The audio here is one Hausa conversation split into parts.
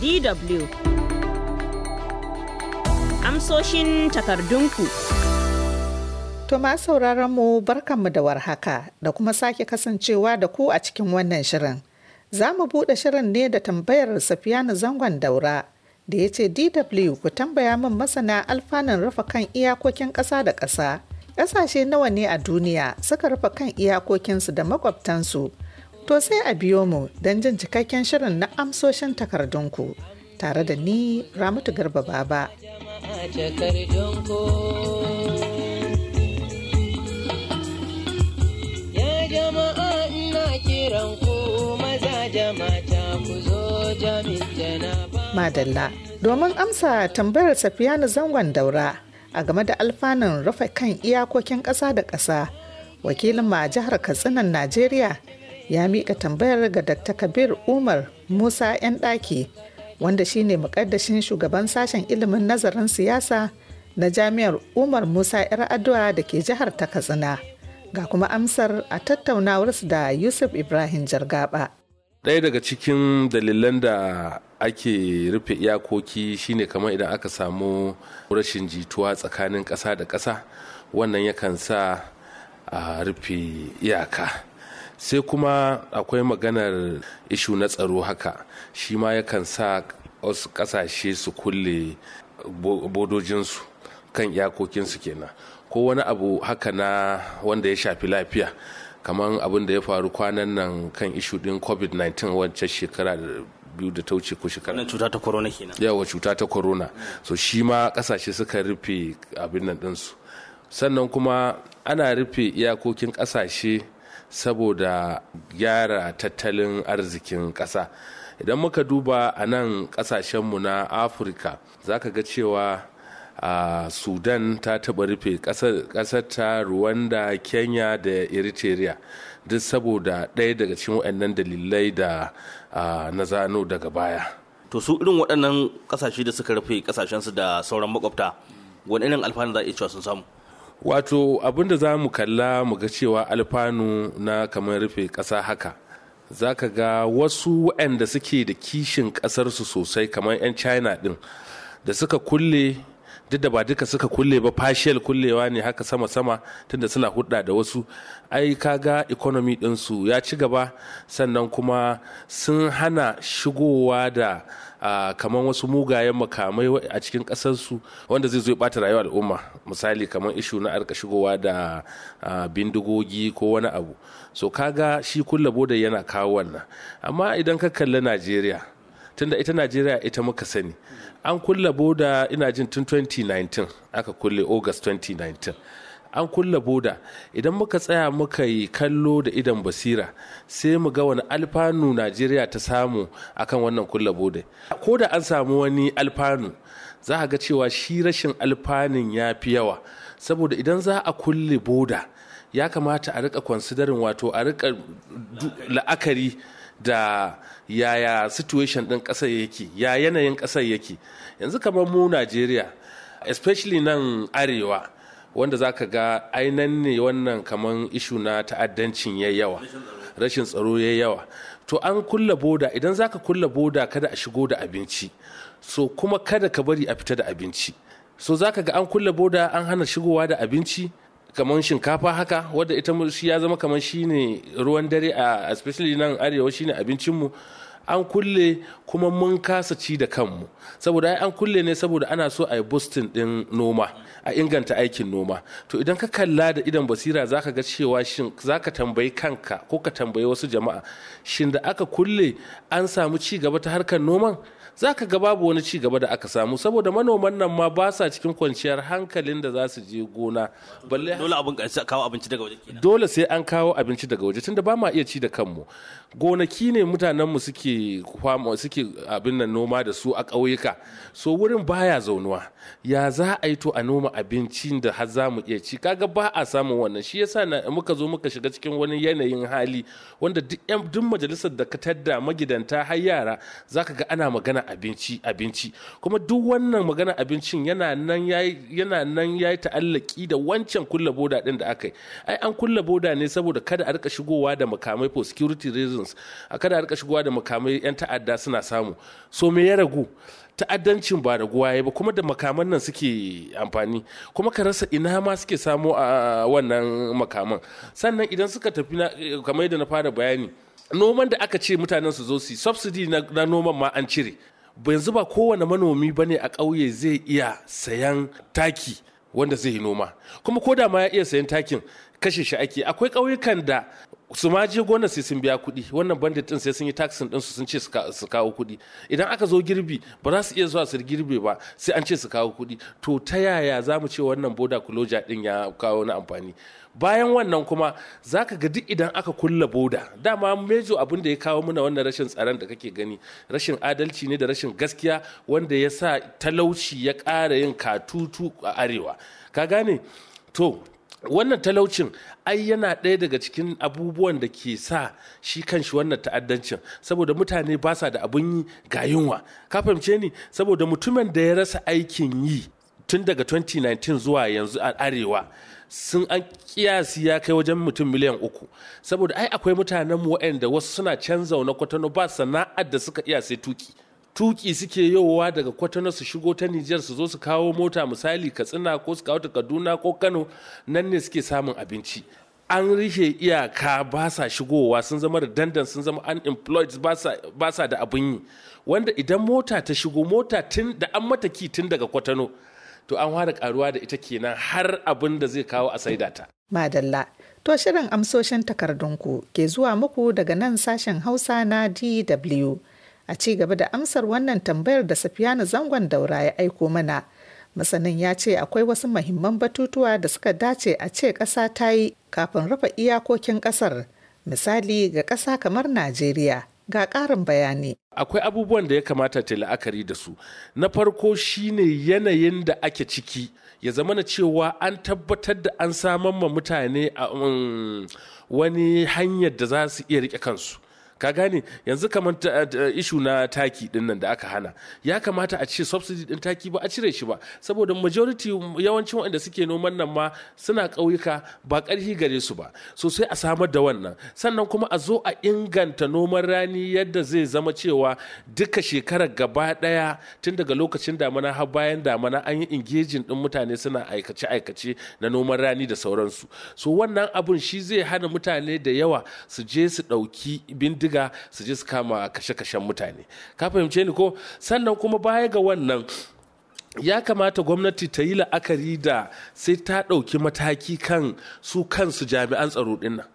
DW. Amsoshin takardunku. Tuma sauraron mu barkanmu da warhaka da kuma sake kasancewa da ku a cikin wannan shirin. Za mu buɗe shirin ne da tambayar Safiyanu zangon daura da ya ce DW ku tambaya min masana alfanun rufe kan iyakokin ƙasa da ƙasa. Ƙasashe nawa ne a duniya suka rufe kan iyakokinsu da maƙwabtansu? To sai a biyo mu don jin cikakken shirin na amsoshin takardunku tare da ni Ramatu Garba Baba. jama'a Madalla, domin amsa tambayar Safiyanu zangon daura a game da alfanun rufe kan iyakokin ƙasa da ƙasa, wakilin ma jihar Katsinan Najeriya ya mika tambayar ga Dr. Kabir Umar Musa 'yan ɗaki wanda shine mukaddashin shugaban sashen ilimin nazarin siyasa na jami'ar Umar Musa 'yar addu'a da ke jihar ta Katsina. Ga kuma amsar a tattaunawarsu da Yusuf Ibrahim Jargaba. ɗaya daga cikin dalilan da ake rufe iyakoki shine kamar idan aka samu rashin jituwa tsakanin ƙasa da ƙasa wannan yakan sa a rufe iyaka sai kuma akwai maganar ishu na tsaro haka shi ma yakan sa wasu kasashe su kulle bodojinsu kan iyakokinsu kenan ko wani abu haka na wanda ya shafi lafiya kamar abin da ya faru kwanan nan kan ishu din covid-19 wancan shekara biyu da ta wuce ko shekara wannan cuta ta corona kenan yawa cuta ta corona so shi ma kasashe suka rufe abin nan dinsu sannan kuma ana rufe iyakokin kasashe saboda gyara tattalin arzikin ƙasa idan muka duba a nan ƙasashenmu na afirka za ka ga cewa a sudan ta taɓa rufe ta rwanda kenya da eritrea duk saboda ɗaya daga cikin waɗannan dalilai da uh, na zano daga baya to su irin waɗannan ƙasashe da suka rufe ƙasashensu da sauran makwabta wani irin alfanu za a iya cewa sun samu wato abinda za mu kalla mu ga cewa alfanu na kamar rufe ƙasa haka za ka ga wasu waɗanda suke da kishin ƙasarsu sosai kamar 'yan china ɗin da suka kulle duk da ba duka suka kulle ba partial kullewa ne haka sama-sama tunda suna hudda da wasu ai kaga economy ɗinsu ya ci gaba sannan kuma sun hana shigowa da Uh, kamar wasu mugayen makamai a cikin kasarsu wanda zai zo bata rayuwa al'umma misali kamar ishu na arka shigowa da uh, bindigogi ko wani abu so kaga shi kulla boda yana kawo wannan amma idan ka kalli najeriya tunda ita najeriya ita muka sani an kulle boda ina jin tun 2019 aka kulle august 2019 an kulle boda idan muka tsaya muka yi kallo da idan basira sai mu ga wani alfanu najeriya ta samu akan wannan kulle boda ko da an samu wani alfanu za a ga cewa shi rashin alfanin ya fi yawa saboda idan za a kulle boda ya kamata a rika kwansidarin wato a rika la'akari da yaya situation ɗin ƙasar yake ya yanayin ƙasar yake yanzu kamar mu najeriya especially nan arewa wanda za ka ga ainan ne wannan kamar ishu na ta'addancin ya yawa rashin tsaro ya yawa to an kulla boda idan za ka kulla boda kada a shigo da abinci so kuma kada ka bari a fita da abinci so za ka ga an kulla boda an hana shigowa da abinci kamar shinkafa haka wadda ita shi ya zama kamar shine ruwan dare a especially nan arewa shine abincinmu an kulle kuma mun kasa ci da kanmu saboda ai an kulle ne saboda ana so a yi bustin din noma a inganta aikin noma to idan ka kalla da idan basira zaka ga cewa shin zaka tambayi kanka ko ka tambayi wasu jama'a shin da aka kulle an samu ci gaba ta harkar noman zaka ga babu wani ci gaba da aka samu saboda manoman nan ma ba sa cikin kwanciyar hankalin da za su je gona balle dole abin kawo abinci daga waje dole sai an kawo abinci daga waje tunda ba ma iya ci da kanmu gonaki ne mutanenmu suke suke abin nan noma da su a ƙauyuka so wurin baya zaunuwa ya za a yi to a noma abincin da har za mu iya ci kaga ba a samun wannan shi yasa muka zo muka shiga cikin wani yanayin hali wanda duk majalisar da ka da magidanta har yara zaka ga ana magana abinci abinci kuma duk wannan magana abincin yana nan yayi yana nan yayi ta'allaki da wancan kulla boda din da aka yi ai an kulla boda ne saboda kada a rika shigowa da makamai for security reasons prisons a kada rika shigowa da makamai yan ta'adda suna samu so me ya ragu ta'addancin ba raguwa ya ba kuma da makaman nan suke amfani kuma ka rasa ina ma suke samu a wannan makaman sannan idan suka tafi kamar yadda na fara bayani noman da aka ce mutanen su zo su subsidy na noman ma an cire yanzu ba kowane manomi ba ne a ƙauye zai iya sayan taki wanda zai yi noma kuma ko da ma ya iya sayan takin kashe shi ake akwai ƙauyukan da su ma je gona sai sun biya kuɗi wannan bandit din sai sun yi taxin din su sun ce su kawo kuɗi idan aka zo girbi ba za su iya zuwa su girbe ba sai an ce su kawo kuɗi to ta yaya za mu ce wannan boda kuloja din ya kawo na amfani bayan wannan kuma za ka ga duk idan aka kulla boda dama mejo abin da ya kawo mana wannan rashin tsaron da kake gani rashin adalci ne da rashin gaskiya wanda ya sa talauci ya ƙara yin katutu a arewa ka gane to wannan talaucin ai yana ɗaya daga cikin abubuwan da ke sa shi kanshi wannan ta'addancin saboda mutane ba sa da abun yi ga yunwa ka fahimce ni saboda mutumin da ya rasa aikin yi tun daga 2019 zuwa yanzu a arewa sun an kiyasi ya kai wajen mutum miliyan uku saboda ai akwai mutanenmu waɗanda wasu suna can zaune kwatano ba sana'ar da suka iya sai tuki tuki suke yowa daga kwatano su shigo ta Nijar su zo su kawo mota misali Katsina ko su kawo ta Kaduna ko Kano nan ne suke samun abinci an rishe iyaka ba sa shigowa sun zama da dandan sun zama unemployed ba sa da abin yi wanda idan mota ta shigo mota tun da an mata ki tun daga kwatano to an fara karuwa da ita kenan har abin da zai kawo a saida ta madalla to shirin amsoshin takardunku ke zuwa muku daga nan sashen hausa na dw a ci gaba da amsar wannan tambayar da safiyanu zangon daura ya aiko mana masanin ya ce akwai wasu mahimman batutuwa da suka dace a ce ƙasa ta yi kafin rufe iyakokin ƙasar misali ga ƙasa kamar najeriya ga ƙarin bayani akwai abubuwan da ya kamata ta la'akari da su na farko shine yanayin da ake ciki ya zama na cewa an tabbatar da an samar ma mutane a um, wani hanyar da za su iya rike kansu ka gane yanzu kamar eh, eh, ishu na taki din da aka hana ya kamata a ce subsidy din taki ba a cire shi ba saboda majority yawancin waɗanda suke noman nan ma suna ƙauyuka ba ƙarfi gare su ba so sai a samar da wannan sannan kuma a zo a inganta noman rani yadda zai zama cewa duka shekarar gaba ɗaya tun daga lokacin damana har bayan damana an yi engaging din mutane suna aikace aikace na noman rani da sauransu so wannan abun shi zai hana mutane da yawa su je su ɗauki bindiga bindiga su je su kama kashe-kashen mutane ka fahimce ni ko sannan kuma baya ga wannan ya kamata gwamnati ta yi la'akari da sai ta ɗauki mataki kan su kansu jami'an tsaro ɗinnan.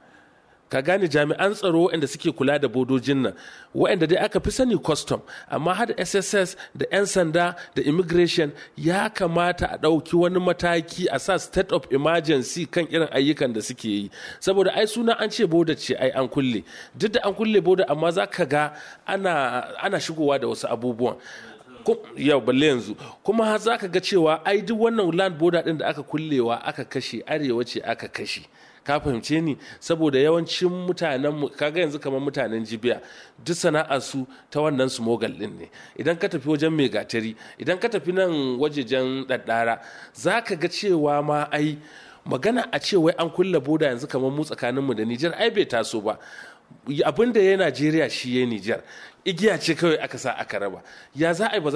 ka gane jami'an tsaro waɗanda suke kula da bodojin nan waɗanda dai aka fi sani custom amma har sss da 'yan sanda da immigration ya kamata a ɗauki wani mataki a sa state of emergency kan irin ayyukan da suke yi saboda ai suna an ce boda ce ai an kulle duk da an kulle boda amma za ka ga ana, shigowa da wasu abubuwan yau balle yanzu kuma za ka ga cewa ai duk wannan land boda din da aka kullewa aka kashe arewa ce aka kashe ka fahimce ni saboda yawancin mutanen kaga yanzu kamar mutanen jibiya duk sana'ar su ta wannan su din ne idan ka tafi wajen mai gatari idan ka tafi nan wajejen daddara za ka ga cewa ma ai magana a ce an kulle boda yanzu kamar mu tsakaninmu da Nijar ai bai taso ba abin da ya yi najeriya shi ya nijar igiya ce kawai aka sa aka raba ya za a ba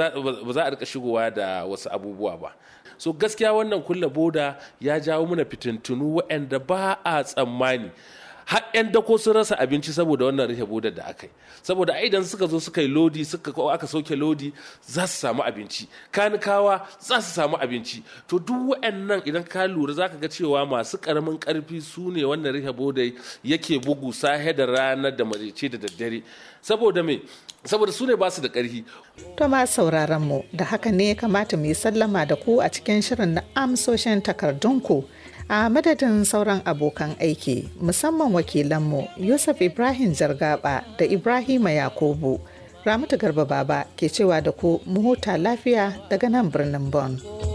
za a rika shigowa da wasu abubuwa ba so gaskiya wannan kulle boda ya jawo mana fitintunu waɗanda ba a tsammani 'yan dako sun rasa abinci saboda wannan rufe bodar da aka yi saboda ai idan suka zo suka yi lodi suka ko aka sauke lodi za su samu abinci kanikawa za su samu abinci to duk wa'annan idan ka lura zaka ga cewa masu karamin karfi su ne wannan rufe bodai yake bugu sahe da rana da marice da daddare saboda me saboda su ne ba su da karfi To ma sauraron mu da haka ne ya kamata mu yi sallama da ku a cikin shirin na amsoshin ku. a madadin sauran abokan aiki musamman wakilanmu yusuf ibrahim jargaba da ibrahima yakubu ramatu garba baba ke cewa da ku mu huta lafiya daga nan birnin Bon.